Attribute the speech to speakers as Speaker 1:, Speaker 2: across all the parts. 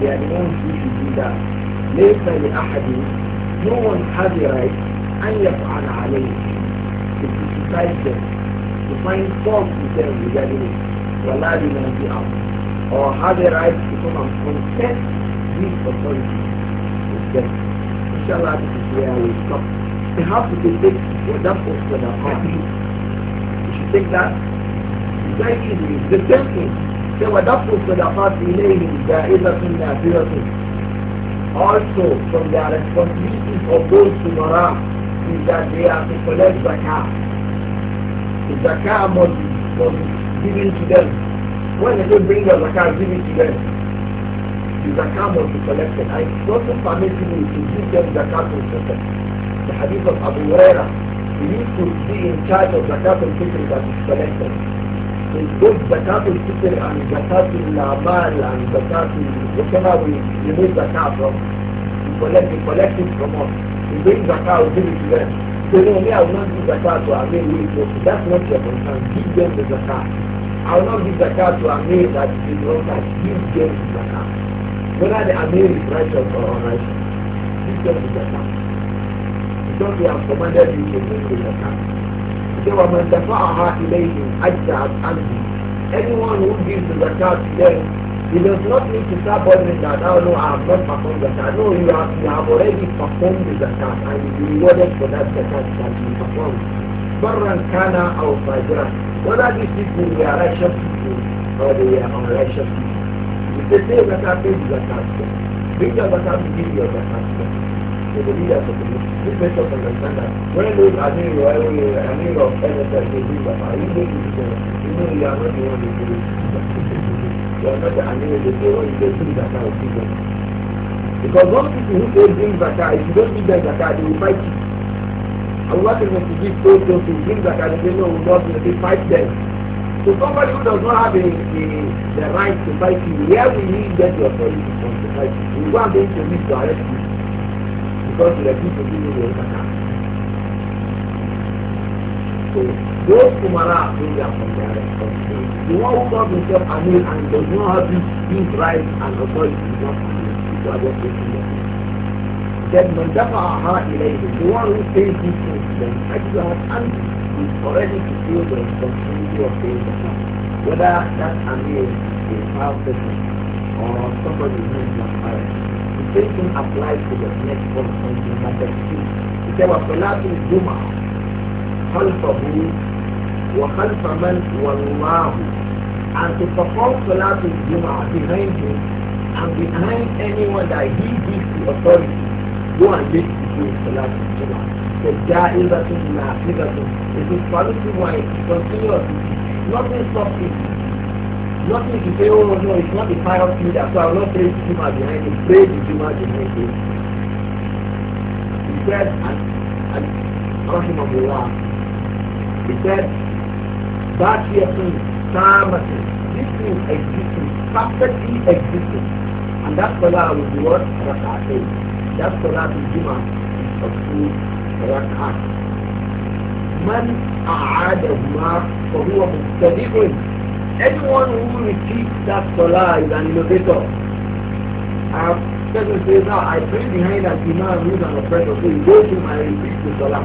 Speaker 1: their own feet to do that. ليس لأحد no one has the right أن يفعل عليه to criticize them to find fault with them regarding it ولا لمن في أرض or have the right to come and contest these authorities with them inshallah this is where we stop we have to take that was for the heart we should take that very easily the same thing ودفع الصدقات إليهم جائزة نافذة also from the responsibilities of those to Mara is that they are to collect zakah. The zakah must be, must be given to them. When they bring the zakah, give it to them. The zakah must be collected. I wasn't permissible to give them zakah to them. The hadith of Abu Huraira, he used to be in charge of zakah and fitr that is collected. So it's both zakatul fitr and zakatul amal and zakatul whatever we remove zakat from. We collect, we collect it from us. We bring zakat, we give it to them. So no, I will not give zakat to Amir with you. That's not your concern. Give them the zakat. I will not give zakat to Amir that is wrong. I give them the Whether the Amir is or unrighteous, give them the zakat. Because we have commanded you to give the zakat say وَمَنْ دَفَعَهَا إِلَيْهِمْ أَجْزَعَتْ عَنْهُ Anyone who gives the zakat to them, he does not need to subordinate that, oh no, I have not performed zakat. No, you have, you have already performed the zakat and you will be rewarded for that zakat that you performed. برًا كان أو What are these people are righteous people or they are unrighteous people. If they say zakat, pay the zakat. Bring your zakat, give your zakat people do that to me. This based on understanding. When those are doing your own way, I mean your parents are doing that, are you doing it there? You know you are not the one to do it. are not to do it, they that kind Because those people who do bring zakah, if you don't give them zakah, they will fight you. And what is going to give those those who bring zakah, they know will not, they fight them. So somebody who does not have the, the, the right to fight you, where will he get the authority from to fight you? You are going to lead to arrest you. because you refuse to give me your zakat. So those Umara are free from their responsibility. The one who calls himself Amir and does not have this, this right and authority is not Amir. People are just taking them. Then when Dafa'aha Ilayhi, the one who says these things to them, Ajwa Hamdi is already to feel the responsibility of paying zakat. Whether that Amir is a power person or somebody who is not married. same thing applies to the next point on the matter too. He said, وَصَلَاةُ الْجُمْعَةِ خَلْفَهُ وَخَلْفَ مَنْ وَاللَّهُ And to perform Salat al-Jum'ah behind him and behind anyone that he gives the authority, go and make the doing Salat al-Jum'ah. The ja'ilatun, na'ilatun, it is quality wise, continuous. Nothing stops it. Nothing to say, oh no, it's not the pious leader, so I will not praise Juma behind him. Praise the Juma behind him. He said, and, and Rahimahullah, he said, that here thing, Samatin, this thing existing, perfectly existing. And that salah will be what? Raka'atain. That salah to Juma is of two raka'at. من أعادهما فهو مبتدئ anyone who repeats that salah is an innovator. I've said say now I pray behind that imam who is an oppressor, so he goes to my repeat the salah.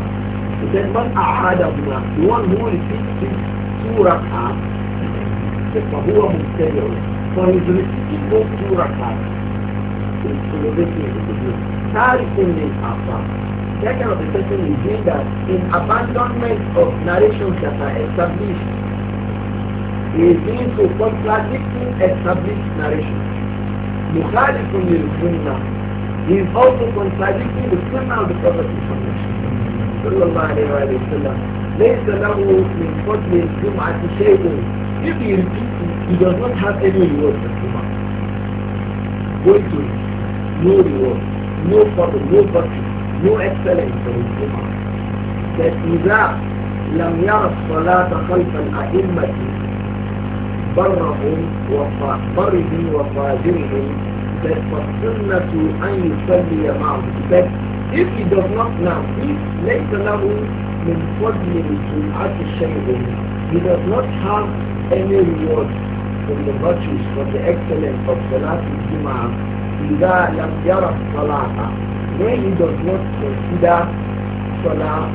Speaker 1: He said, Man the one who repeats this two rak'ah, فهو مبتدع. For his repeating those two rak'ah, is innovating in the group. Tarifin lil afar. That kind of a person is doing that in abandonment of narrations that are established is due to contradicting established narration. مخالف للسنة is also contradicting the sunnah of the Prophet Muhammad صلى الله عليه وآله وسلم ليس له من فضل الجمعة شيء if he repeats he does not have any reward for Jum'ah going to no reward no problem no virtue no excellence for his Jum'ah that إذا لم يرى الصلاة خلف الأئمة برهم وفاجرهم وفاجرهم that فالسنة أن يصلي معهم that if he does not now if ليس له من فضل سمعة الشيء he does not have any reward from the virtues from the excellence of the الجمعة إذا لم يرى الصلاة when he does not consider صلاة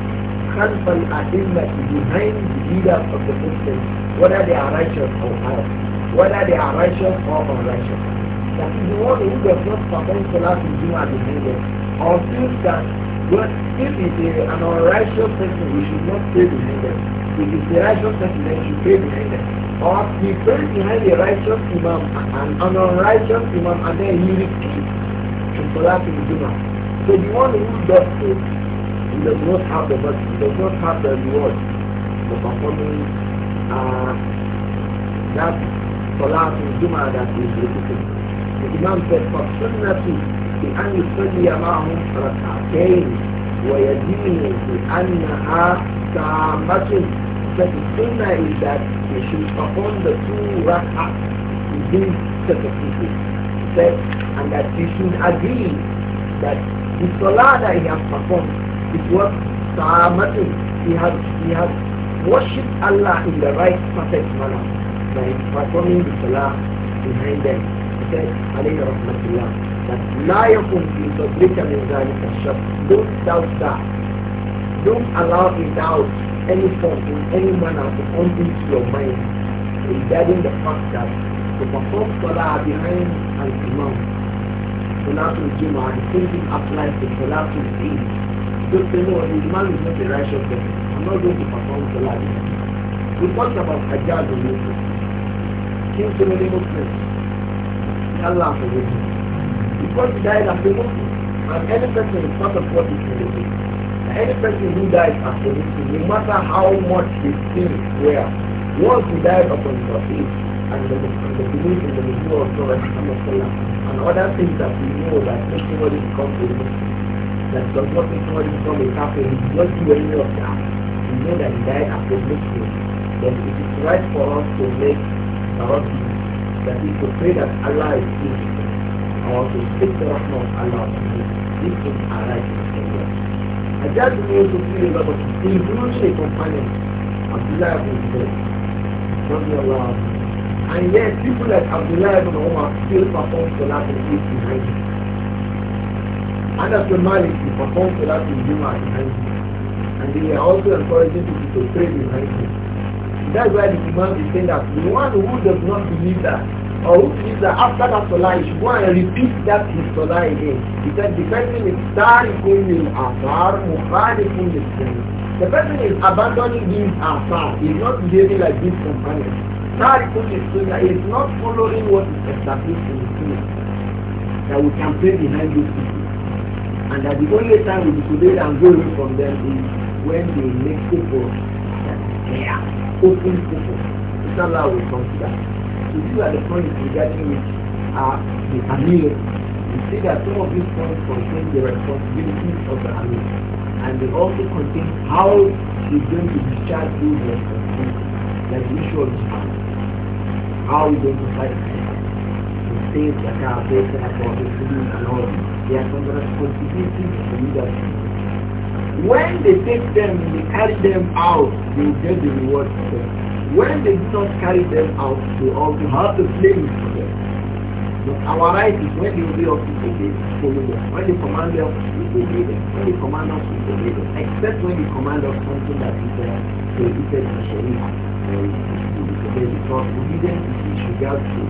Speaker 1: خلف الأئمة behind the leaders of the Muslims whether they are righteous or not, whether they are righteous or unrighteous. That is the one who does not perform salah in do and behavior, or feels that but if it is an unrighteous person, we should not stay behind them. If it's a righteous person, then we should stay behind them. Or he prays behind a righteous imam, and an unrighteous imam, and then he repeats to salat in Juma. So the one who does it, he does not have the mercy, he does not have the reward for performing uh, that salat in Juma that is repeated. The Imam said, فَالسُنَّةُ بِأَنْ يُصَلِّيَ مَعْهُمْ رَكْعَتَيْنِ وَيَدِينُ بِأَنَّهَا تَامَّةٌ That the sunnah is that you should perform the two rak'ah within certain people. He said, and that you should agree that the that he has performed is what ta'amatun. He has, he has worship Allah in the right perfect manner by performing the salah behind them. He said, alayhi rahmatullah, that la yakun fi sadrika min dhalika shak. Don't doubt that. Don't allow a doubt any form in any manner to come into your mind regarding the fact that to perform salah behind an imam, salatul jum'ah, the same thing applies to salatul eid. Don't say, no, the imam is not a righteous person. I'm not going to perform Salah. We talked about Hajjaj and Muslims. Killed so many Muslims. Allah forgive him. Because he died as a Muslim. And any person is part of he religion. And any person who dies as a Muslim, no matter how much he thinks where, once he died upon Tawheed and the, and the belief in the religion, of God and other things that we know that makes somebody become a Muslim, that does not make somebody become a Catholic, not do any of that we know that the guy has to make it. Then it is right for us to make our that we should pray that Allah is good or to seek the rahmah of Allah on him. This is life in Kenya. I just need to feel about it. He used a companion, Abdullah ibn Zubayr, radiallahu anhu. And yet people like Abdullah ibn Umar still perform Salat and Eid behind him. Anas bin Malik, he performed Salat in Juma behind him. And they are also encouraging people to pray behind him. That's why the Imam is saying that the one who does not believe that, or who believes that after that Salah, he should go and repeat that his Salah again. He said the person is tarikun lil asar, mukhalifun The person is abandoning his asar. He's not behaving like this companion. Tarikun lil is not following what is established in the sunnah that we can pray behind this people. And that the only time we disobey and go away from them is when they make people that they are open people, it's not allowed to consider. So these are the points regarding which are the Amir. You see that some of these points contain the responsibilities of the Amir. And they also contain how we going to discharge those responsibilities, like the issue of jihad. How we're going to fight the states, like our base, and our bodies, and all. They are some responsibilities of the leadership. When they take them and they carry them out, they get the reward for them. When they do not carry them out, they also have to blame for them. But our right is when they obey us, we obey, follow them. When they command us, we obey them. When they command us, we obey them. Except when they command us something that is uh, prohibited in Sharia. Because obedience is with regard to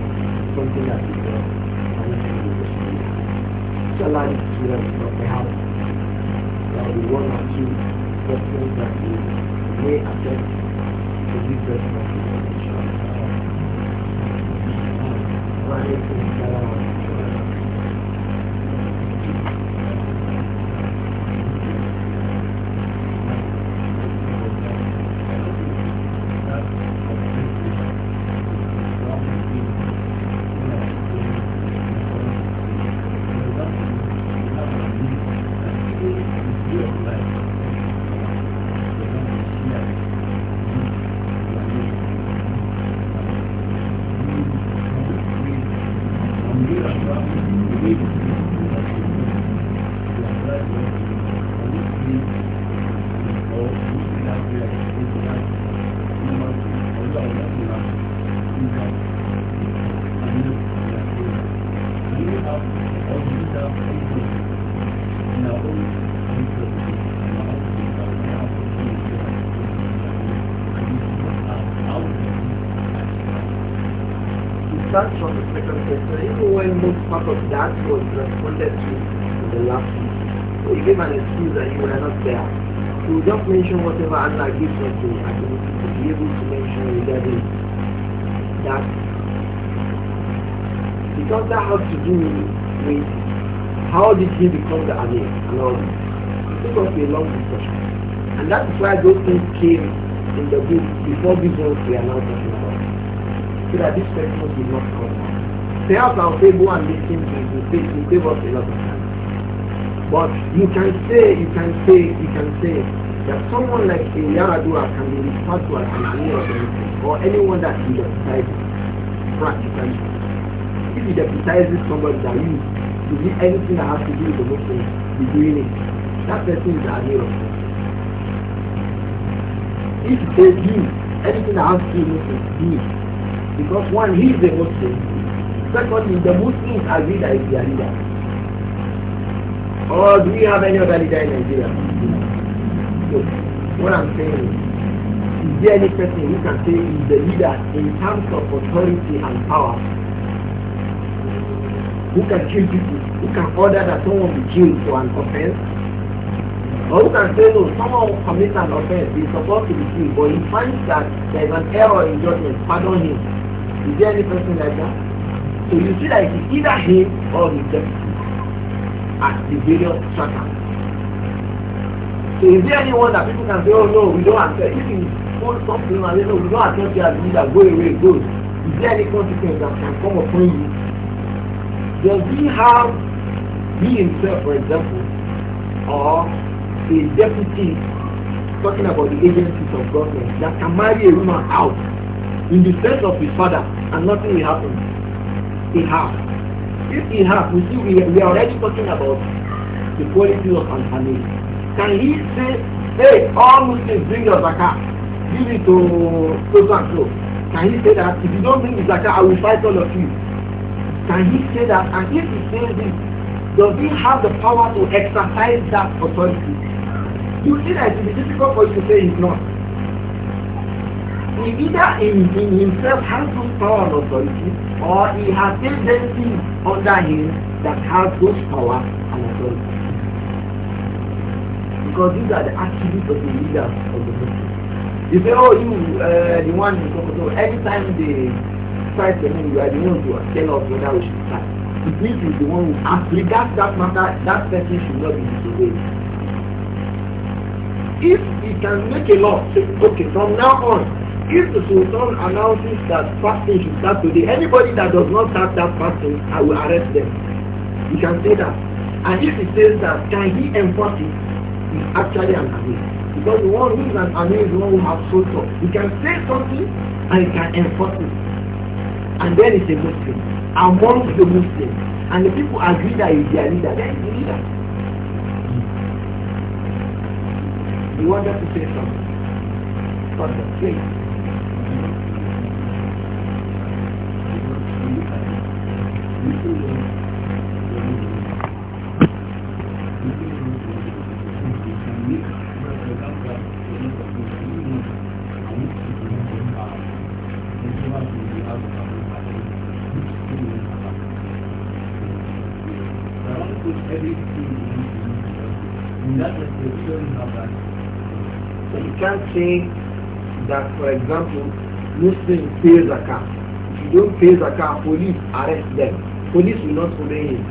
Speaker 1: something that is uh, Inshallah, this is not the house. The one or two
Speaker 2: questions that may affect the difference of the
Speaker 1: of that was responded to in the last week. So you gave an excuse that you were not there. So just mention whatever Allah gives us to to be able to mention regarding that. Because that has to do with how did he become the Amir and all this. It took us a long discussion. And that is why those things came in the book before these ones we are now talking about. So that this person did not come perhaps i our say go and listen to it, it will save us a lot of time. But you can say, you can say, you can say that someone like a Yaradua can be referred to as a engineer of anything, or anyone that industrializes practically. If he deputizes somebody that you to do anything that has to do with the Muslim, be doing it. That person is a engineer of If they do anything that has to do with Muslims, do it. Because one, he is a Muslim, Secondly, the Muslims agree that it's leader. Or do we have any other leader in Nigeria? So, what I'm saying is, is there any person who can say is the leader in terms of authority and power? Who can kill people? Who can order that someone be killed for an offense? Or who can say no, someone commits an offense, he's supposed to be killed, but he finds that there's an error in judgment, pardon him. Is there any person like that? So you see like it either him or the deputy at the various chapters. So is there anyone that people can say, oh no, we don't accept, if you hold something and say, no, we don't accept you as leader, go away, go. Is there any consequence that can come upon you? Does he have, he himself, for example, or a deputy talking about the agencies of government that can marry a woman out in the sense of his father and nothing will happen? half, If half, we see we, we are already talking about the quality of Al-Hamid. Can he say, hey, all Muslims bring your zakat, give it to so and so? Can he say that? If you don't bring the zakat, I will fight all of you. Can he say that? And if he says this, does he have the power to exercise that authority? You see that it will be difficult for you to say he's not. He either in, in himself has those power and authority, or he has still deities under him that has those power and authority. Because these are the attributes of the leaders of the Muslims. You say, oh, you, uh, the one in every time they try to name you are the one who tell us whether we should start. It means you the one who actually that, that matter, that person should not be disobeyed. If he can make a law, say, okay, from now on, if the Sultan announces that fasting should start today, anybody that does not start that fasting, I will arrest them. You can say that. And if he says that, can he enforce it? He's actually an amir. Because the one who is an amir is the one who has sultan. He can say something and he can enforce it. And then he's a Muslim. Amongst the Muslims. And the people agree that he's their leader. Then he's the leader. You wanted to say something.
Speaker 2: But the place. You
Speaker 1: can't say that, for example, Muslims pay zakat. If you don't pay zakat, police arrest them. police will not obey him.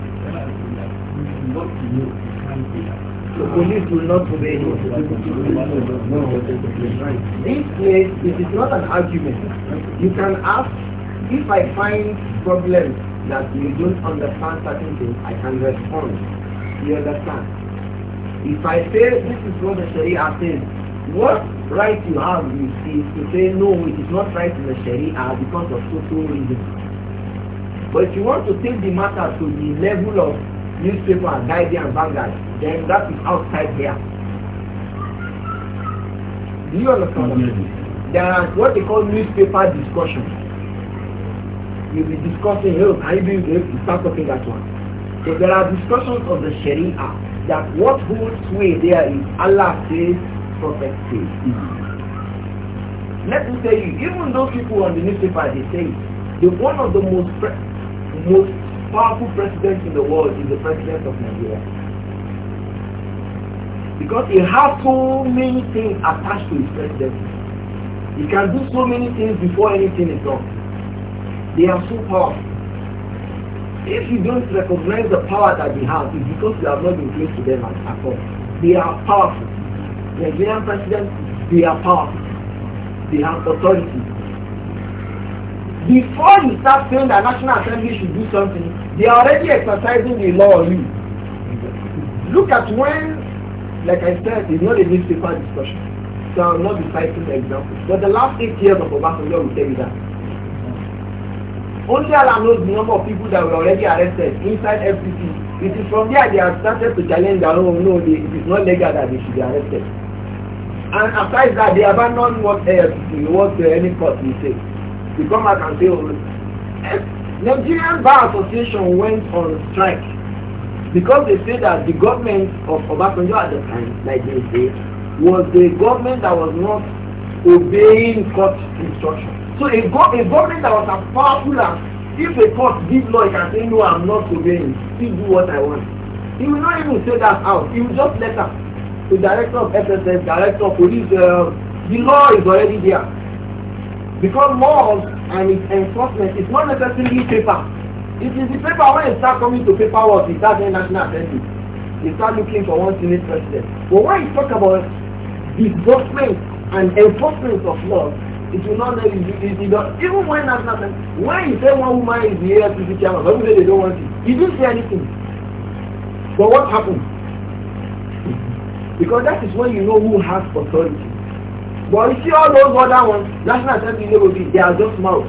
Speaker 1: The police will not obey him. This is, it is not an argument. You can ask, if I find problems that you don't understand certain things, I can respond. You understand? If I say this is what the Sharia says, what right you have is to say no, it is not right in the Sharia because of social reasons. But if you want to take the matter to the level of newspaper and guide and Vanguard, then that is outside here. Do you understand? Mm-hmm. There are what they call newspaper discussions. You'll be discussing, hey, can you be able to start talking that one? So there are discussions of the Sharia that what holds sway there is Allah says, Prophet says. Mm -hmm. Let me tell you, even those people on the newspaper, they say, the one of the most most powerful president in the world is the president of Nigeria. Because he has so many things attached to his presidency. He can do so many things before anything is done. They are so powerful. If you don't recognize the power that they have, it's because you have not been close to them at all. They are powerful. Nigerian president, they are powerful. They have authority. Before you start saying that National Assembly should do something, they are already exercising the law on you. Look at when, like I said, it's not a newspaper discussion. So I'm not reciting the examples. But the last eight years of Obasanjo will tell you that. Only Allah knows the number of people that were already arrested inside FCC. It is from there they have started to challenge their own. No, they, it is not legal that they should be arrested. And aside that, they abandon what AFCC, uh, what uh, any court will say they come out say, oh, Nigerian Bar Association went on strike because they say that the government of Obasanjo at the time, like they say, was the government that was not obeying court instruction. So a, go a government that was as powerful as if a court give law, it can say, no, I'm not obeying, still do what I want. He will not even say that out. He will just let her. The director of SSS, director of police, uh, the law is already there. Because laws and its enforcement is not necessarily paper. It is the paper when you start coming to paperwork, you start doing national assembly. You start looking for one Senate president. But when you talk about disbursement and enforcement of laws, it will not let you do it. Even when national assembly, when you say one woman is the AFCC chairman, some say they don't want it. You didn't say anything. But what happened? Because that is when you know who has authority. But you see all those other ones, National Assembly labor bill, they are just mouth.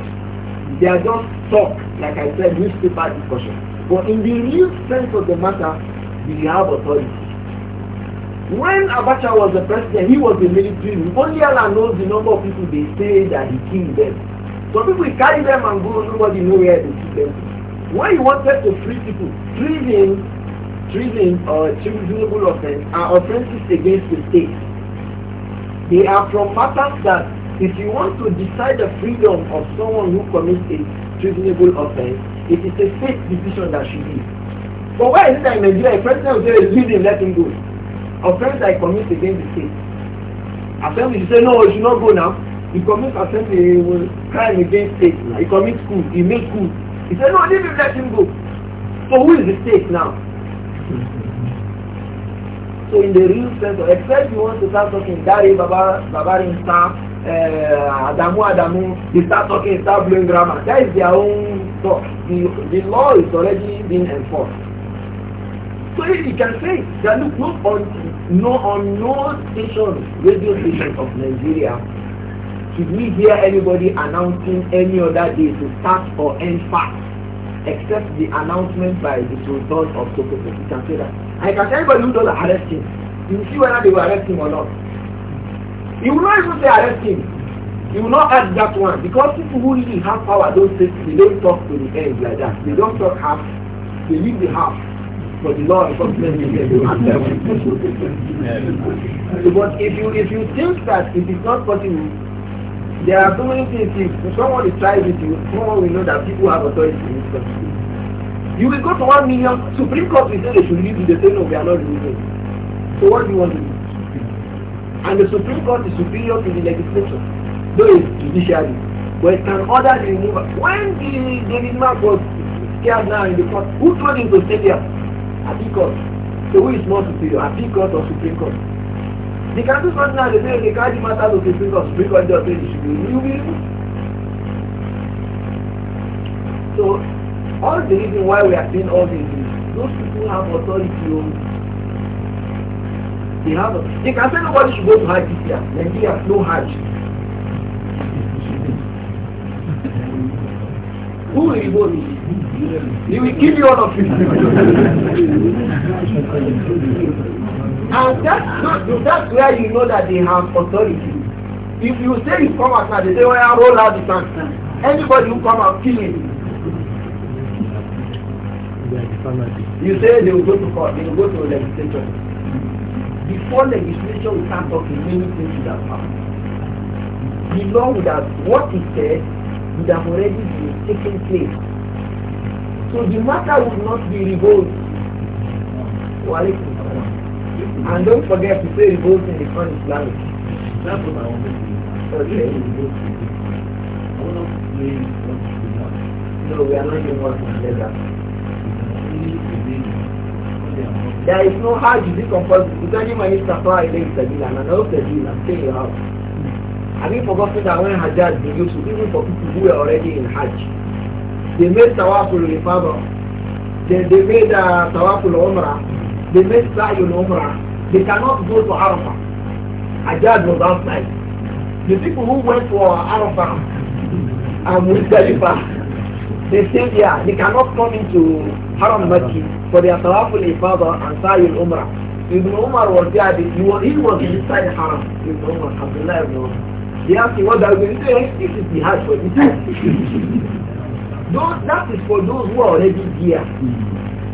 Speaker 1: They are just talk, like I said, newspaper discussion. But in the real sense of the matter, we have authority. When Abacha was the president, he was the military. Only Allah knows the number of people they say that he killed them. Some people carry them and go, nobody know where they keep them. When he wanted to free people, treason, treason or uh, treasonable offense are uh, offenses against the state. They are from matters that if you want to decide the freedom of someone who commits a treasonable offense, it is a state decision that should be. But why is it that in Nigeria a president will say, leave him, let him go? Offense I commit against the state. Assembly should say, no, you should not go now. He commits assembly, he will crime against state. He commits coup, he made coup. He said, no, leave him, let him go. So who is the state now? So in the real sense, except you want to start talking Dari Baba Baba Star, uh, Adamu Adamu, they start talking, start blowing grammar. That is their own talk. The, the law is already being enforced. So you can say that look, no, on no on no station, radio station of Nigeria, should we hear anybody announcing any other day to start or end fast. except the announcement by the Sultan of Sokoto. You can say that. And you can say anybody who does arrest him. You see whether they will arrest him or not. He will not even say arrest him. He will not ask that one because people who really have power don't say they don't talk to the end like that. They don't talk half. They leave the half for the law enforcement is here to answer. But if you if you think that it is not possible They are doing things if someone is trying with you, someone will know that people have authority in this country. You will go to one million, Supreme Court will say they should leave you, they say no, we are not leaving. So what do you want to do? And the Supreme Court is superior to the legislature, though it's judiciary. But it can order the removal. When the David Mark was scared now in the court, who told him to stay there? Appeal Court. So who is more superior, Appeal Court or Supreme Court? They can do something now, they say, okay, matter to Loke bring us, bring us just say you should be real. So, all the reason why we are doing all this is those people have authority. Oh. They have, they can say nobody should go to Hajj this year. Nigeria, no Hajj. Who will you go to? He will kill you all of you. And that's, not, that's where you know that they have authority. If you say you come out now, they say, well, I'll roll out the tank. Anybody who come out, kill him. You say they will go to court, they will go to legislature. Before legislature, we can't talk many things to that power. The law would have, what he said, would have already been taken place. So the matter would not be revolved. Walaikum. And don't forget to say both in the non-Islamic. That's what I want to do. Okay. I want to play
Speaker 2: what want.
Speaker 1: No, we are not even working together. There is no hajj to You tell him I need to apply against the deal and I know deal and stay your house. Have you forgotten that when Hajjaj did used, even for people who were already in Hajj, they made Tawaful Rifaba, they, they made uh, Tawaful Umrah, They make sa'i and umrah. They cannot go to Arafah. Hajjaj was outside. The people who went for Arafah and Mount they stayed there. They cannot come into Haram Masjid for their Tawaful Ifadah and Sa'i and umrah. Ibn Umar was there. He was, he was inside Haram. Ibn Umar, Abdullah Ibn Umar. He asked him what are we doing? This is jihad for this. those, that is for those who are already here.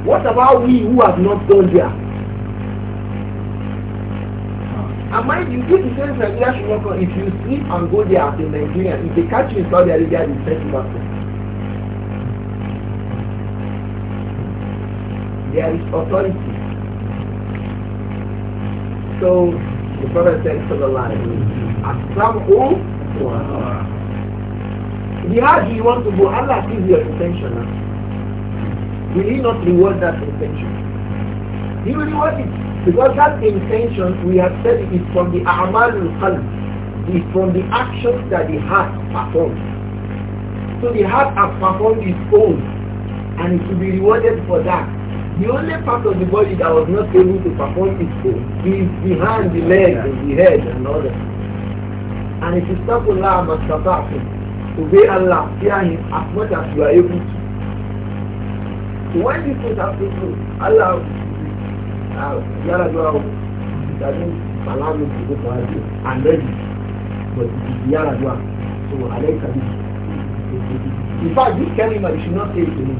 Speaker 1: What about we who have not gone there? And mind you, if the same Nigeria should work if you sleep and go there as a Nigerian, if they catch you in Saudi Arabia, they set you up. There is authority. So the Prophet said, Sallallahu Alaihi Wasallam, the hajj you want to go, Allah sees your intention. Huh? will he not reward that intention? He will reward it. Because that intention, we have said it is from the A'mal al is from the actions that the heart performs. So the heart has performed its own and it will be rewarded for that. The only part of the body that was not able to perform its own is the hand, the leg, and the head and all that. And if you stop Allah must to obey Allah, fear Him as much as you are able to. Why do you think that's the truth? Allah yára jọ àwọn ìdájọ́ aláàmì ìdìbò kan àti àlẹ́jì but yára jọ àwọn so àlẹ́jì tàbí in fact this kalima you should not say it to me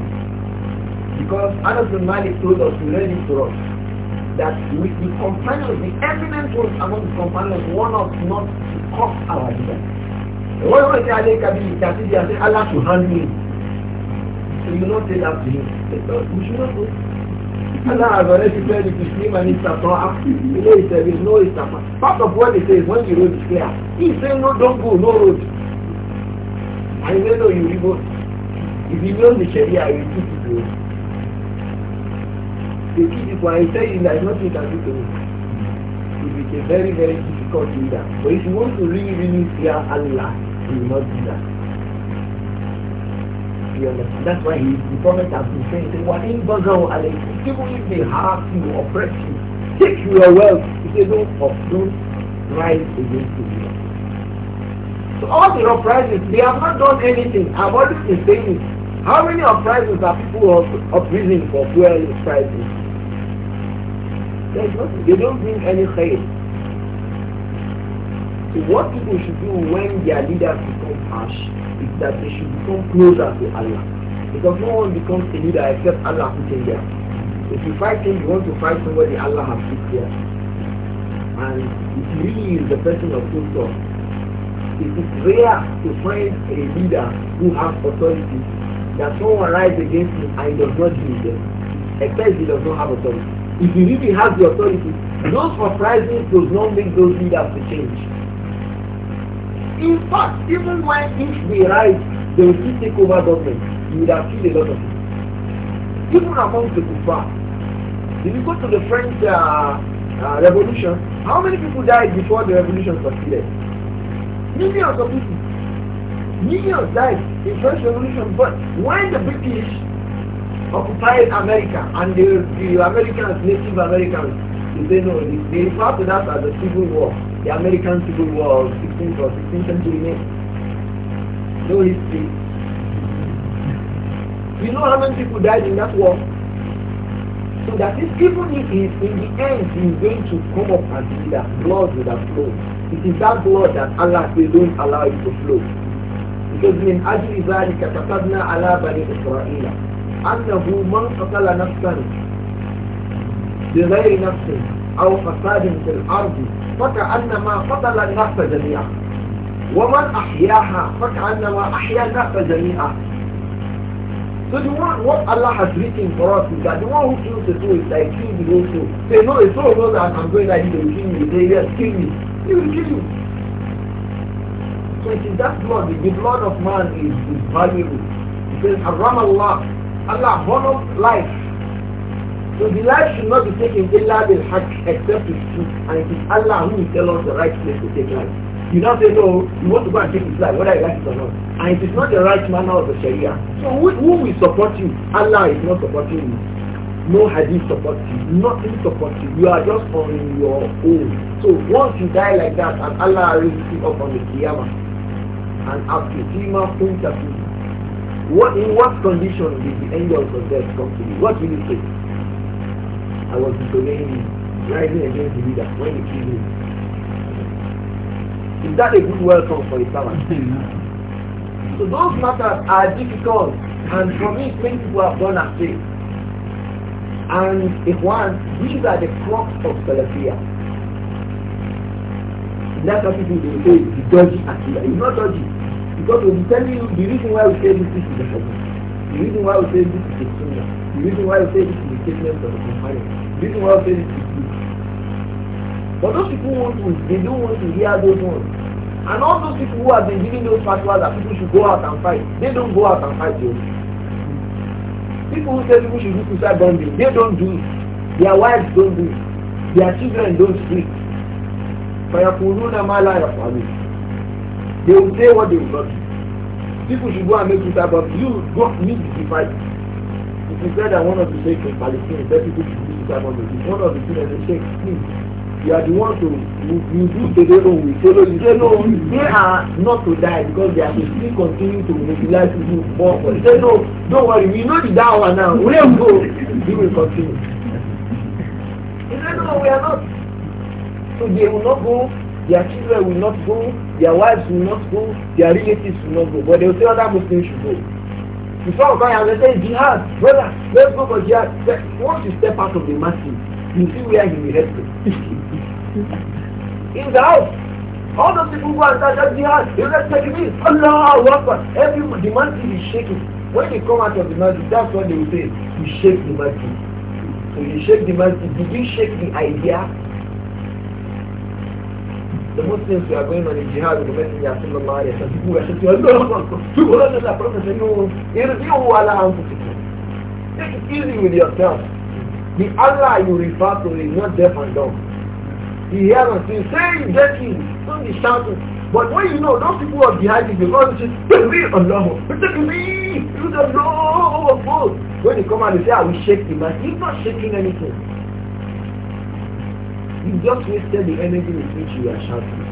Speaker 1: because Anas bin Malik told us to read it to us that with the companions the eminent ones among the companions warn us not to cause our death. wọ́n yóò ṣe àlẹ́ kabi ìtàkìdí àti Allah to handle it you will not say that to him. We should not go. Allah has already said if you see man is tata'a, you know it's there is no istafa. Part of what he says when the road is clear, he saying no don't go, no road. I say no you will go. If you know the Sharia, you keep it You The key people, he tell you that nothing can do to me. It is a very, very difficult leader. But if you want to really, really fear Allah, you will not do that. That's why he, the Prophet has been saying, وَإِنْ بَغَوْا عَلَيْكُمْ Even if they harass you, oppress you, take your wealth, he says, don't, don't rise against you. So all the uprisings, they have not done anything. And what is the thing is, how many uprisings are people up, uprisen for fuel prices? There's nothing. They don't bring any change. So what people should do when their leaders become harsh is that they should become closer to Allah. Because no one becomes a leader except Allah put him there. If you fight him, you want to fight somebody Allah has put there. And he really is the person of good God. It is rare to find a leader who has authority that someone rises against him and he does not give them, except he does not have authority. If he really has the authority, those uprisings does not make those leaders to change. In fact, even when if we rise, they will still take over government. You would have seen a lot of people. Even among the Kufa. If you go to the French uh, uh, Revolution, how many people died before the revolution succeeded? Millions of people. Millions died in French Revolution. But when the British occupied America and the, the Americans, Native Americans, they say no, they refer to that as a civil war the American Civil uh, War of 16th or 16th century No history. You know how many people died in that war? So that is, even if he, in the end he is going to come up and be that blood will have flowed. It is that blood that Allah will don't allow it to flow. Because من أجل ذلك كتبنا على بني إسرائيل أنه من قتل نفسا بغير نفس أو فساد في الأرض فكأنما فضل الناس جميعا ومن أحياها فكأنما أحيا الناس جميعا So the one what Allah has written for us is that the one who kills the soul is like killing the whole soul. Say no, the soul knows that I'm going like you will kill me. They say yes, kill me. He will kill you. So it is that blood, the blood of man is, is valuable. It says, Allah, Allah honors life. So the life should not be taken illa bil haq except with truth. And it is Allah who will tell us the right place to take life. You don't say no, you want to go and take his life, whether you like it or not. And it is not the right manner of the Sharia. So who, who will support you? Allah is not supporting you. No hadith supports you. Nothing supports you. You are just on your own. So once you die like that and Allah raises you up on the Qiyamah and after Qiyamah points at you, what, in what condition did the angels of death come to you? What will you say? I was disobeying him, rising against the leader when he killed me. Is that a good welcome for a servant? so those matters are difficult and for me, many people have gone astray. And if one, these are the crux of Salafiyah that's what people dey say the dodgy akida it's not dodgy because we be telling you the reason why we say this is the problem The reason why we say this is a sunnah, the reason why we say this is a statement of the companion, the reason why we say this is good. But those people want to, they don't want to hear those ones. And all those people who have been giving those fatwas that people should go out and fight, they don't go out and fight those. People who say people should do suicide bombing, they don't do it. Their wives don't do it. Their children don't do it. فَيَقُولُونَ مَا لَا يَفْعَلُونَ They will say what they will not do people should go and make it about you don't need to fight. It is said that one of the sheikhs in Palestine said people should do it about you. One of the things that the sheikh please, you are the one to you, you do the devil with. say no you say no they are not to die because they are still continuing to mobilize people more for say no don't worry we know the dawa now we will go He will continue. He said no we are not so they will not go their children will not go, their wives will not go, their relatives will not go, but they will say other Muslims should go. Before Okan Yahya say jihad, brother, let's go for jihad. Once you step out of the masjid, you see where he will help you. In the house, all those people go and are started jihad, they just take me, Allah, Akbar. Every the masjid is shaking. When they come out of the masjid, that's what they will say, you shake the masjid. So you shake the masjid, did you shake the idea the Muslims who are going on a jihad with the Messenger sallallahu alayhi wa sallam, people were shouting, Allah Akbar, Allah Prophet said, no, irji'u ala anfusikum. Take it easy with yourself. The Allah you refer to is not deaf and dumb. He hears and sees, say dirty, don't be shouting. But when you know those people are behind you, because they say, take me, Allah, take me, you don't know, When they come and they say, I will shake the man, he's not shaking anything. You just wasted the energy with which you are shouting.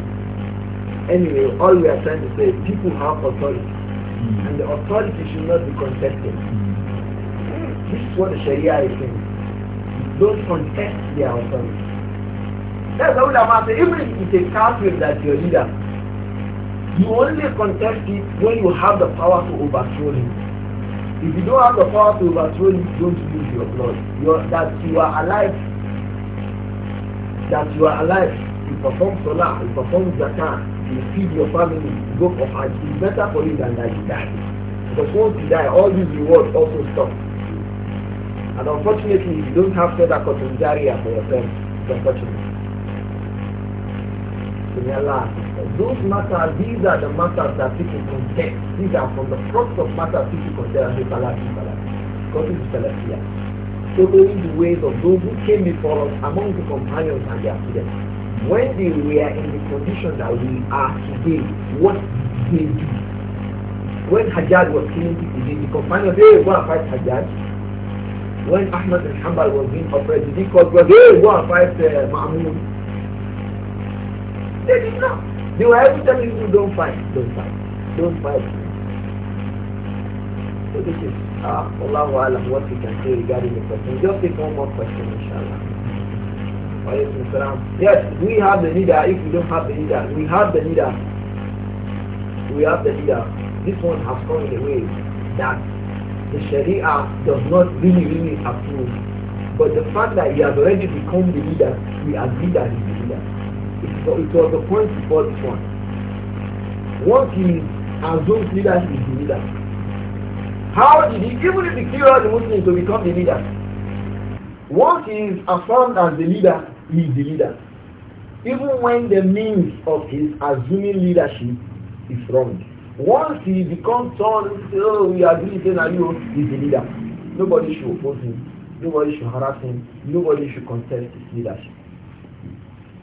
Speaker 1: Anyway, all we are trying to say is people have authority. Mm. And the authority should not be contested. Mm. This is what the Sharia is saying. Don't contest their authority. That's all I'm Even if it's a kafir that your leader, you only contest it when you have the power to overthrow him. If you don't have the power to overthrow him, don't use your blood. You're, that you are alive that you are alive, you perform salah, you perform zakah, you feed your family, you go for hajj, it's better for you than that you die. Because once you die, all these rewards also stop. And unfortunately, you don't have further to for yourself. It's unfortunate. So may Allah Those matters, these are the matters that people contest. These are from the front of matters people contest. Because it's Celestia following the ways of those who came before us among the companions and their students. When they were in the condition that we are today, what did they do? When Hajjaj was killing people, did the companions say, hey, go and fight Hajjaj? When Ahmad and Hanbal was being oppressed, did he call God, hey, go and fight uh, Mahmoud? They did not. They were every time you don't fight, don't fight, don't fight. So this is Ah, Allahu Alam, what we can say regarding the question. Just take one more question, inshallah. Yes, we have the leader. If we don't have the leader, we have the leader. We have the leader. This one has come in a way that the Sharia does not really, really approve. But the fact that he has already become the leader, we agree that he is the leader. It, it was the point before this one. Once he assumes leadership, he is the leader. How did he, even if he cleared the Muslims to become the leader? Once he is affirmed as the leader, he is the leader. Even when the means of his assuming leadership is wrong. Once he becomes someone oh, we agree, saying that you is the leader. Nobody should oppose him. Nobody should harass him. Nobody should contest his leadership.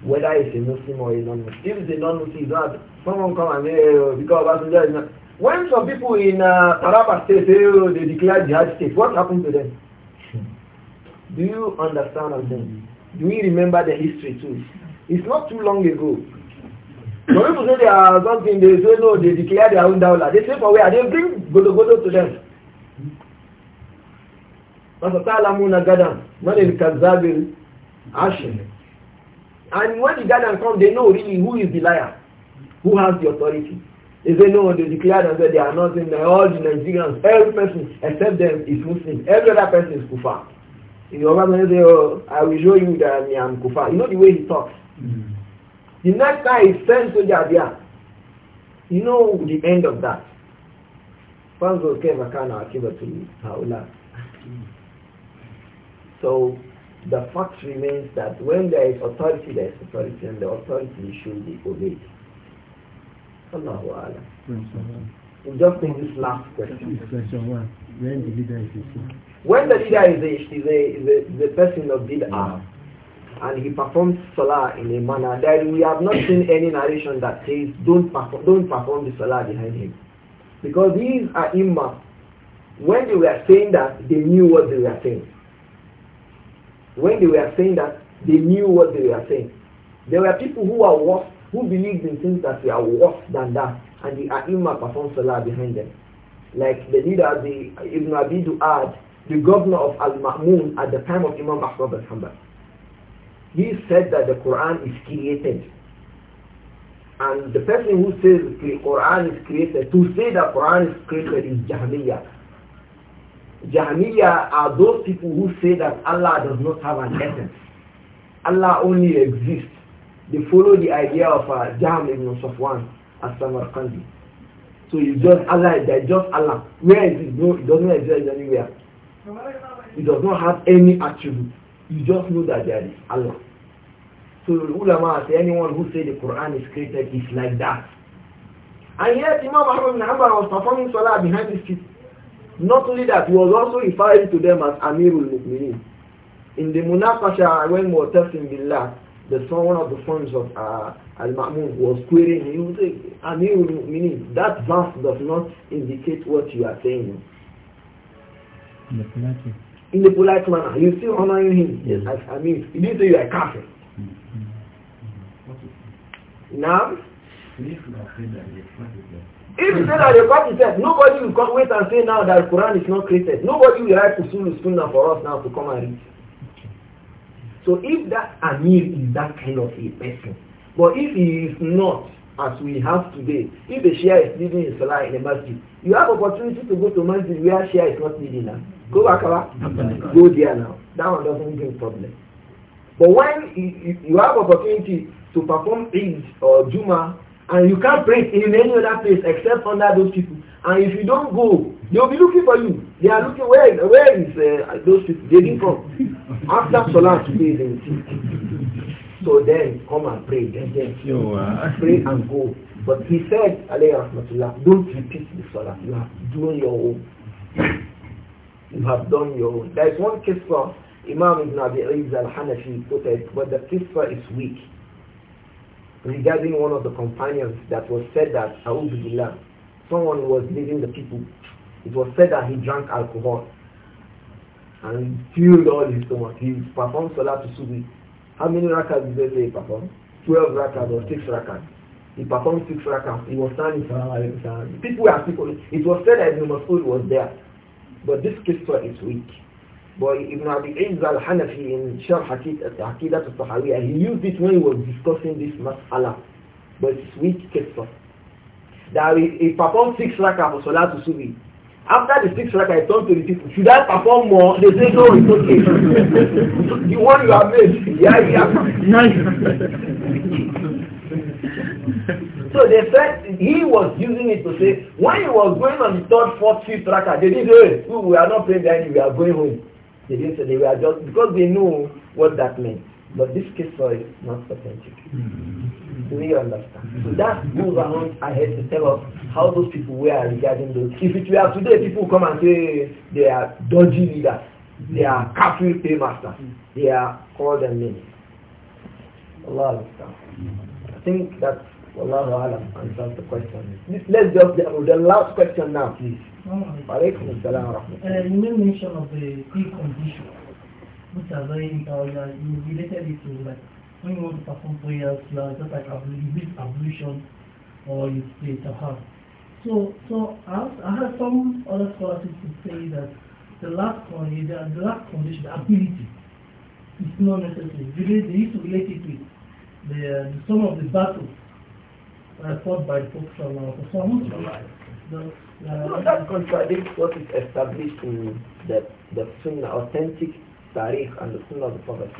Speaker 1: Whether it's a Muslim or a non-Muslim. If it's a non-Muslim, someone come and say, oh, because Abasunja is not... When some people in uh, Taraba State say oh, they declare jihad state, what happened to them? Hmm. Do you understand of them? Do we remember the history too? It's not too long ago. Some people say they are something, they say no, they declare their own dawla. They say for where? They bring Godo Godo to them. فَسَتَعْلَمُونَ غَدًا مَنِ الْكَذَّابِ الْعَشِرِ And when the Ghadan come, they know really who is the liar, who has the authority. He said, no, they declared and said they are not in all the Nigerians, every person except them is Muslim. Every other person is Kufa. your man say, oh, I will show you that I am Kufa. You know the way he talks. Mm. The next time he sends to Jabia, you know the end of that. So the fact remains that when there is authority, there is authority and the authority should be obeyed. Allahu We just in this last question. When the leader is When the leader is a, is a, is a, is a person of bid'ah and he performs salah in a manner that we have not seen any narration that says don't perform, don't perform the salah behind him. Because these are imams when they were saying that, they knew what they were saying. When they were saying that, they knew what they were saying. There were people who were worse who believes in things that are worse than that, and the Aima performed Salah behind them. Like the leader, the Ibn Abi Du'ad, the governor of Al-Ma'mun at the time of Imam Ahmad al-Hanbal. He said that the Quran is created. And the person who says the Quran is created, to say that Quran is created is Jahmiyyah. Jahmiyyah are those people who say that Allah does not have an essence. Allah only exists. they follow the idea of uh, Jam ibn Safwan as Samarkandi. So you just Allah, they just Allah. Where is it? No, it doesn't exist anywhere. It does not have any attribute. You just know that there is Allah. So ulama say anyone who say the Quran is created is like that. And yet Imam Ahmad ibn Hanbal was performing salah behind his feet. Not only that, he was also referring to them as Amirul Mu'minin. In the Munaqasha when we were testing Billah, the son, one of the sons of uh, Al-Ma'mun was querying him, he was Amirul ah, Mu'minin, that verse does not indicate what you are saying. In the polite In the polite manner. You still honoring him yes. as Amir. He didn't say you are kafir. Mm -hmm. Now, if you say that the Quran is dead, nobody will come wait and say now that the Quran is not created. Nobody will write Usul Sunnah for us now to come and read. So if that Amir is that kind of a person, but if he is not, as we have today, if the Shia is leading in Salah in the masjid, you have opportunity to go to masjid where Shia is not leading now. Go back, go there now. That one doesn't bring problem. But when you have opportunity to perform Eid or Juma, and you can't pray in any other place except under those people, and if you don't go, they'll be looking for you. They are looking where where is uh, those people getting from? After Salah today they will see. So then come and pray. Then, then uh, pray and go. But he said, rahmatullah, don't repeat the salah. You have done your own. You have done your own. There is one kisra Imam Ibn Abi Iz al-Hanafi it but the kisra is weak. Regarding one of the companions that was said that, Billah, someone was leading the people it was said that he drank alcohol and filled all his stomach. He performed Salah to Subi. How many rakats did they he perform? 12 rakats or 6 rakats. He performed 6 rakats. He was standing for People were people. It was said that Ibn Masud was there. But this kiswa is weak. But Ibn Abi Izz al-Hanafi in Sharh Hakidat al-Sahawiyah, he used it when he was discussing this mas'ala. But it's weak kiswa. That he, performed 6 rakats for Salah to Subi. after the six rakah, I turn to the people, should I perform more? They say, no, it's okay. the one you have made, yeah, yeah. Nice. so they said he was using it to say, when he was going on the third, fourth, fifth rakah, they didn't say, hey, we are not playing behind you, we are going home. They didn't say, they were just, because they knew what that meant. But this case is not authentic. Do hmm. we understand? So that goes around ahead to tell us how those people were regarding those. If it were today, people come and say they are dodgy leaders, they are kafir paymasters, they are called and names. Allah I think that Wallahu Alam answers the question. Let's just the, the last question now, please. Uh, you mentioned
Speaker 3: mention of the precondition which are very uh, you related it to like when you want to perform prayers, you are just like ablution, ablution or you pray her. So so I, I have some other
Speaker 1: scholars to say that the last condition, the last condition, the ability, is not necessary. They used to relate it with the, the some of the battles uh, fought by the Pope Shalom. So I want to uh, no, that contradicts what is established in the, the Sunnah, authentic Tarikh and the Sunnah of the Prophet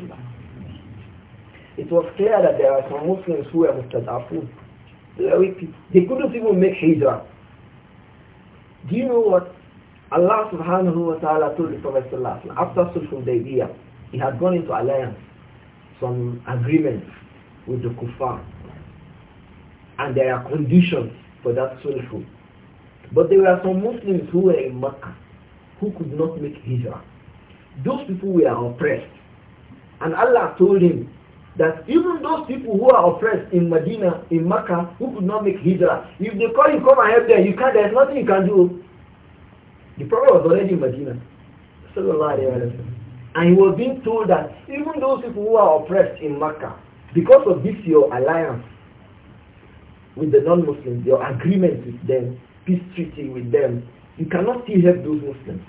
Speaker 1: It was clear that there are some Muslims who were mustadafun. They couldn't even make hijrah. Do you know what Allah subhanahu wa ta'ala told the Prophet after Sulh Hudaybiyah, he had gone into alliance, some agreement with the kuffar. And there are conditions for that sulh. But there were some Muslims who were in Makkah who could not make hijrah. Those people were oppressed. And Allah told him that even those people who are oppressed in Medina, in Mecca, who could not make hijrah, if they call you, come and help them, you can't, there's nothing you can do. The Prophet was already in Medina. And he was being told that even those people who are oppressed in Mecca, because of this your alliance with the non-Muslims, your agreement with them, peace treaty with them, you cannot still help those Muslims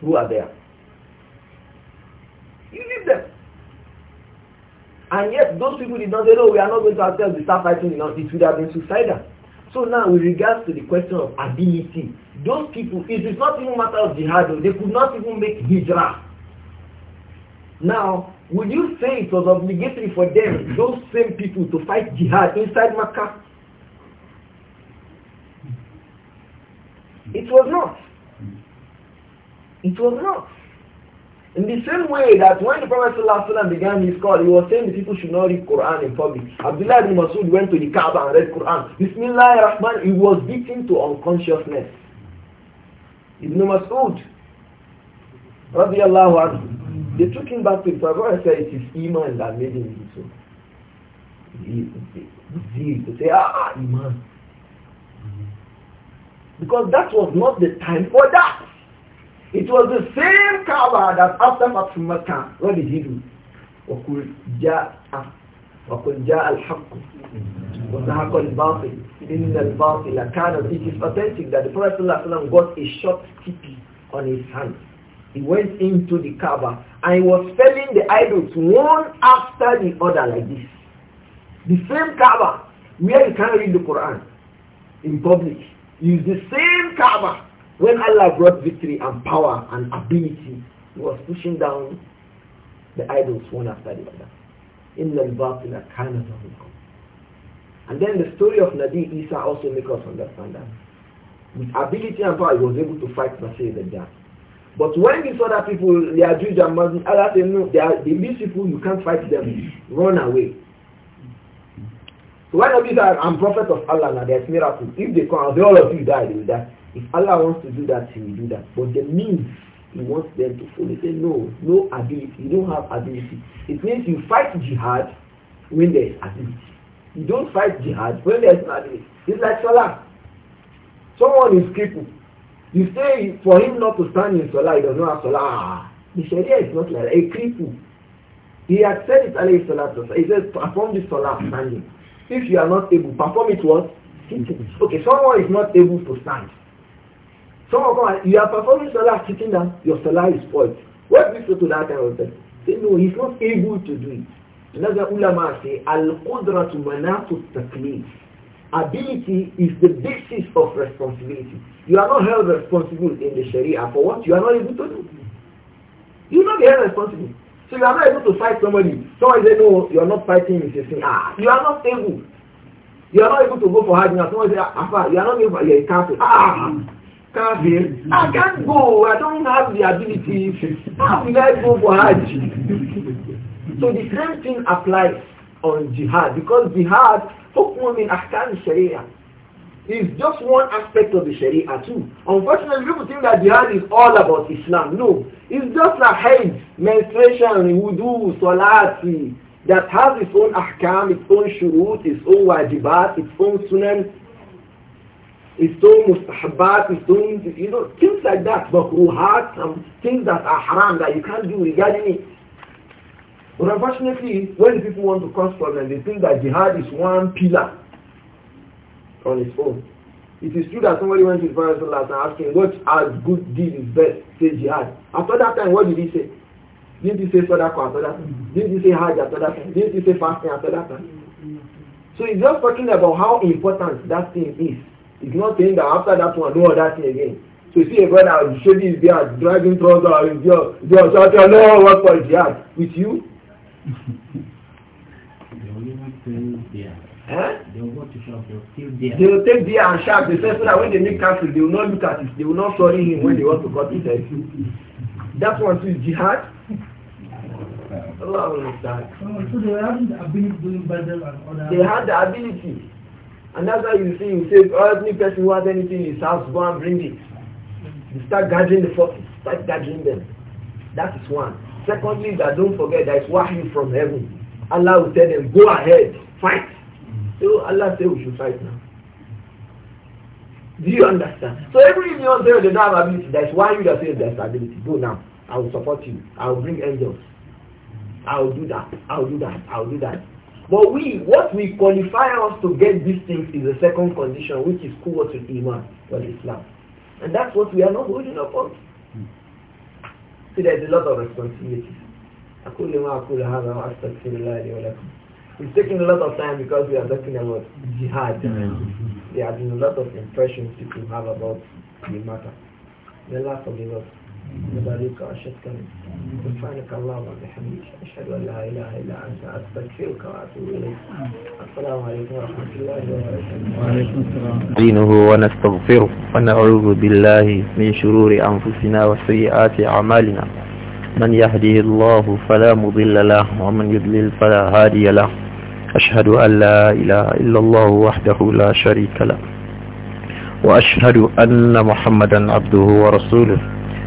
Speaker 1: who are there. You leave them. And yet those people did not say, no, we are not going to ourselves, we start fighting you know, it would have been suicidal. So now with regards to the question of ability, those people, it is not even matter of jihad, they could not even make hijrah. Now, would you say it was obligatory for them, those same people, to fight jihad inside Makkah? It was not. It was not. In the same way that when the Prophet ﷺ began his call, he was saying the people should not read Quran in public. Abdullah ibn Masud went to the Kaaba and read Quran. Bismillah Rahman, he was beaten to unconsciousness. Ibn Masud, radiallahu anhu, they took him back to the Prophet and said it is Iman that made him do so. They say, ah, ah, Iman. Because that was not the time for that. It was the same Kaaba that after Fatih Makkah, what did he do? وَقُلْ جَاءَ وَقُلْ جَاءَ الْحَقُّ وَزَهَقَ الْبَاطِلِ إِنَّ الْبَاطِلَ كَانَ It is authentic that the Prophet ﷺ got a short tippy on his hand. He went into the Kaaba and he was felling the idols one after the other like this. The same Kaaba where you can read the Quran in public. Use the same Kaaba when Allah brought victory and power and ability, he was pushing down the idols one after the other. إِنَّ الْبَاطِلَ كَانَ ظَهُرًا And then the story of Nabi Isa also makes us understand that. With ability and power, he was able to fight Masih the Jah. But when these other people, they are Jews and Muslims, Allah said, no, they are, the people, you can't fight them. Run away. So when Nabi Isa, I'm prophet of Allah now, there's miracle. If they come, all of you die, they will die. If Allah wants to do that, He will do that. But the means He wants them to follow. He said, no, no ability. You don't have ability. It means you fight jihad when there is ability. You don't fight jihad when there is no ability. It's like Salah. Someone is crippled. You say for him not to stand in Salah, he does not have Salah. Ah, the Sharia is not like that. A cripple. He had said it, alayhi salatu He says, perform this Salah standing. If you are not able, perform it what? Okay, someone is not able to stand. Some of them, you are performing salah sitting down, your salah is spoiled. What do you say to that kind of person? Say, no, he's not able to do it. Another ulama say, Al-Qudratu manatu taklif. Ability is the basis of responsibility. You are not held responsible in the Sharia for what you are not able to do. You will not be held responsible. So you are not able to fight somebody. Somebody say, no, you are not fighting is a Ah, you are not able. You are not able to go for hiding. Somebody say, Afa, ah, ah, you are not able. You are a Catholic. Ah, ah Kavir, I can't go. I don't have the ability. How will I go for Hajj? So the same thing applies on jihad because jihad, hukmun min ahkam sharia, is just one aspect of the sharia too. Unfortunately, people think that jihad is all about Islam. No, it's just like Hajj, menstruation, wudu, salat that has its own ahkam, its own shurut, its own wajibat, its own sunan, Is doing, mustahabat, his doing, you know, things like that, but makruhat, some things that are haram that you can't do regarding it. But unfortunately, when people want to cause problems, they think that jihad is one pillar on its own. It is true that somebody went to the Prophet and asked him, what are good deed is best? Say jihad. After that time, what did he say? Didn't he say sadaqah after that time? Didn't he say hajj after that time? Didn't he say fasting after that time? So he's just talking about how important that thing is. It's not saying that after that one, no other thing again. So you see a brother shady is there driving trouser or is there is there shouting no what for his yard with you.
Speaker 3: they will even still there. They will go to shop, they will still there. They
Speaker 1: will take beer and sharp, they say so that when they make castle, they will not look at it, they will not sorry him when they want to cut his head. That one too is jihad. Allah will understand. Oh, so they were the ability to do better and other. They had the ability. And that's why you see, you say, oh, any person who has anything in his house, go and bring it. You start gathering the forces, start gathering them. That is one. Secondly, that don't forget that it's wahyu from heaven. Allah will tell them, go ahead, fight. So Allah said we should fight now. Do you understand? So every union says oh, they don't have ability. That's why you that say there's ability. Go now. I will support you. I will bring angels. I will do that. I will do that. I will do that. But we, what we qualify us to get these things is the second condition, which is Quwwatul Iman, well Islam. And that's what we are not holding up on. See, there's a lot of we It's taking a lot of time because we are talking about jihad. There have been a lot of impressions people have about the matter. The last of the بذلك أن سبحانك الله وبحمدك أشهد أن لا إله إلا أنت أستغفرك وأتوب إليك السلام عليكم ورحمة الله وبركاته وعليكم
Speaker 2: السلام
Speaker 3: دينه ونستغفره ونعوذ بالله من شرور أنفسنا وسيئات أعمالنا من يهده الله فلا مضل له ومن يضلل فلا هادي له أشهد أن لا إله إلا الله وحده لا شريك له وأشهد أن محمدا عبده ورسوله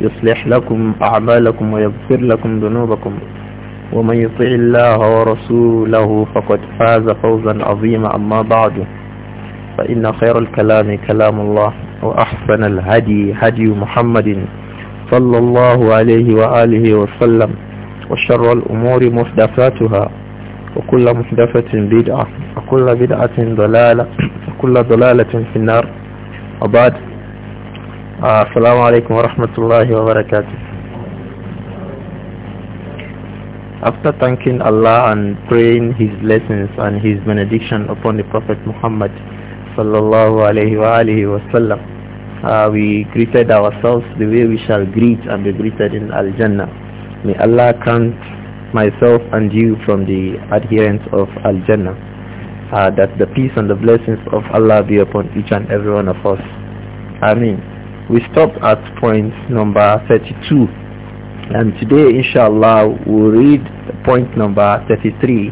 Speaker 3: يصلح لكم أعمالكم ويغفر لكم ذنوبكم ومن يطع الله ورسوله فقد فاز فوزا عظيما أما بعد فإن خير الكلام كلام الله وأحسن الهدي هدي محمد صلى الله عليه وآله وسلم وشر الأمور محدثاتها وكل محدثة بدعة وكل بدعة ضلالة وكل ضلالة في النار وبعد السلام عليكم ورحمة After thanking Allah and praying His blessings and His benediction upon the Prophet Muhammad sallallahu alayhi wa wasallam, uh, we greeted ourselves the way we shall greet and be greeted in Al-Jannah. May Allah count myself and you from the adherents of Al-Jannah. Uh, that the peace and the blessings of Allah be upon each and every one of us. Ameen. We stopped at point number 32 and today inshallah we'll read point number 33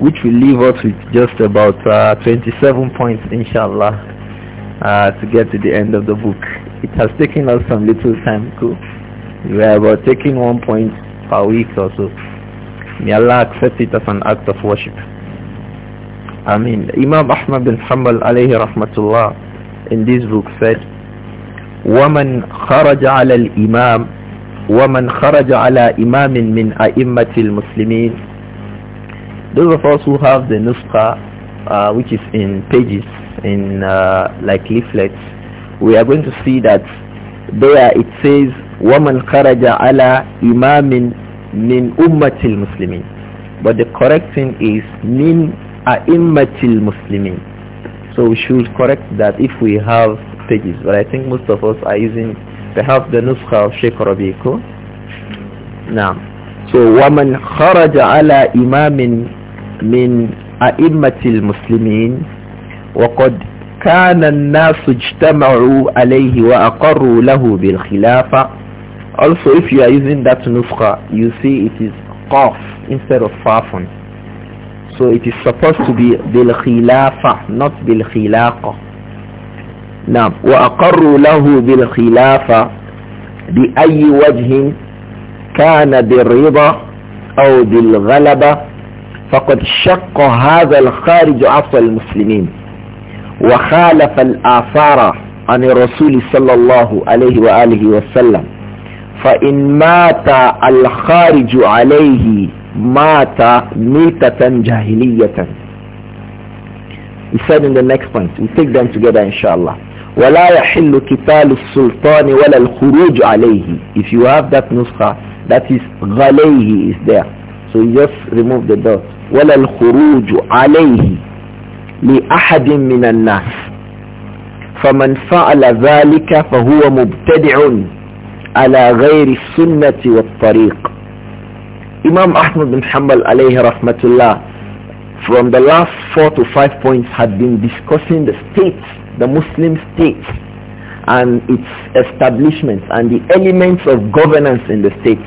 Speaker 3: which will leave us with just about uh, 27 points inshallah uh, to get to the end of the book. It has taken us some little time too. We are about taking one point per week or so. May Allah accept it as an act of worship. I mean, Imam Ahmad bin Hanbal alayhi rahmatullah in this book said, ومن خرج على الإمام ومن خرج على إمام من أئمة المسلمين Those of us who have the Nusqa uh, which is in pages in uh, like leaflets we are going to see that there it says ومن خرج على إمام من أمة المسلمين but the correct thing is من أئمة المسلمين so we should correct that if we have but I think most of us are using perhaps the nuskha of Sheikh Rabiko. Now, so وَمَنْ خَرَجَ عَلَى إِمَامٍ من أئمة المسلمين وقد كان الناس اجتمعوا عليه وأقروا له بالخلافة also if you are using that nusqa you see it is qaf instead of fafun so it is supposed to be بالخلافة not بالخلاقة نعم وأقروا له بالخلافة بأي وجه كان بالرضا أو بالغلبة
Speaker 1: فقد شق هذا الخارج عصى المسلمين وخالف الآثار عن الرسول صلى الله عليه وآله وسلم فإن مات الخارج عليه مات
Speaker 3: ميتة جاهلية We said in the next point, we take them together inshallah. وَلَا يَحِلُّ كِتَالُ السُّلْطَانِ وَلَا الْخُرُوجُ عَلَيْهِ If you have that نسخة that is غَلَيْهِ is there. So you just
Speaker 1: remove the dot. وَلَا الْخُرُوجُ عَلَيْهِ لِأَحَدٍ مِّنَ النَّاسِ فمن فعل ذلك فهو مبتدع على غير السنة والطريق Imam Ahmad bin عليه
Speaker 3: alayhi rahmatullah from the last four to five points had been discussing the states the Muslim states and its establishments and the elements of governance in the states.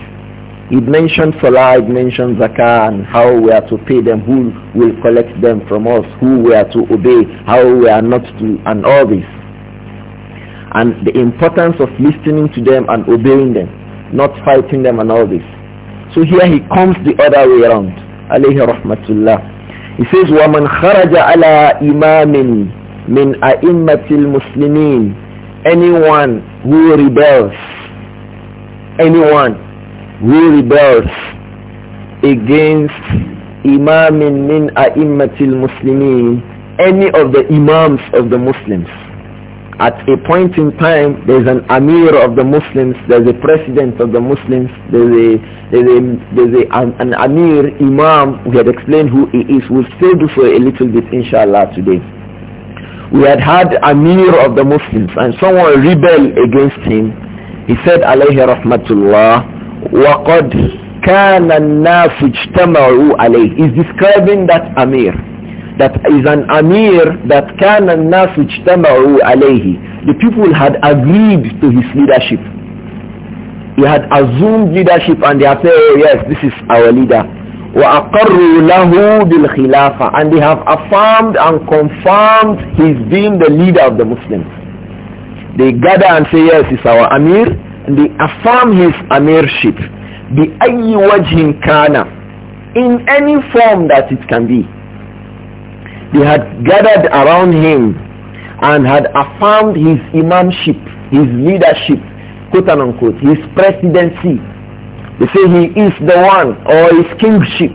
Speaker 3: It mentioned Salah, it mentioned Zakah and how we are to pay them, who will collect them from us, who we are to obey, how we are
Speaker 1: not to, and all this. And the importance of listening to them and obeying them, not fighting them and all this. So here he comes the other way around. Alayhi rahmatullah. He says, وَمَنْ خَرَجَ عَلَى إِمَامٍ min a'immatil muslimin anyone who rebels anyone who rebels against imam min a'immatil muslimin any of the imams
Speaker 3: of the muslims at a point in time there's an amir of the muslims there's a president of the muslims there's a there's a there's a, an, an amir imam we had explained who he is we'll still do for a little bit inshallah today
Speaker 1: we had had Amir of the Muslims and someone rebelled against him. He said, alayhi rahmatullah, وَقَدْ كَانَ النَّاسُ اجْتَمَعُوا عَلَيْهِ He's describing that Amir. That is an Amir that كَانَ النَّاسُ اجْتَمَعُوا عَلَيْهِ The people had agreed to his leadership. He had assumed leadership and they had said, oh yes, this is our leader. وَأَقَرُّوا لَهُ بِالْخِلَافَةِ And they have affirmed and confirmed his being the leader of the Muslims. They gather and say, yes, it's our Amir. And they affirm his Amirship. بِأَيِّ وَجْهٍ كَانَ In any form that it can be. They had gathered around him and had affirmed his imamship, his leadership, quote unquote, his presidency, they say he is the one or his kingship.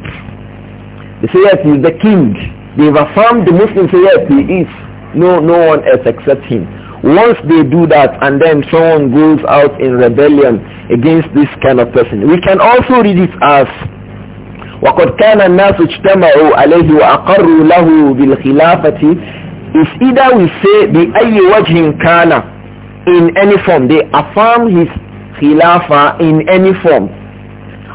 Speaker 1: They say yes, he is the king. They've affirmed the Muslims say yes, he is. No, no one else except him. Once they do that and then someone goes out in rebellion against this kind of person, we can also read it as وقد كان الناس اجتمعوا عليه وأقروا له بالخلافة is either we say بأي وجه كان in any form they affirm his khilafah in any form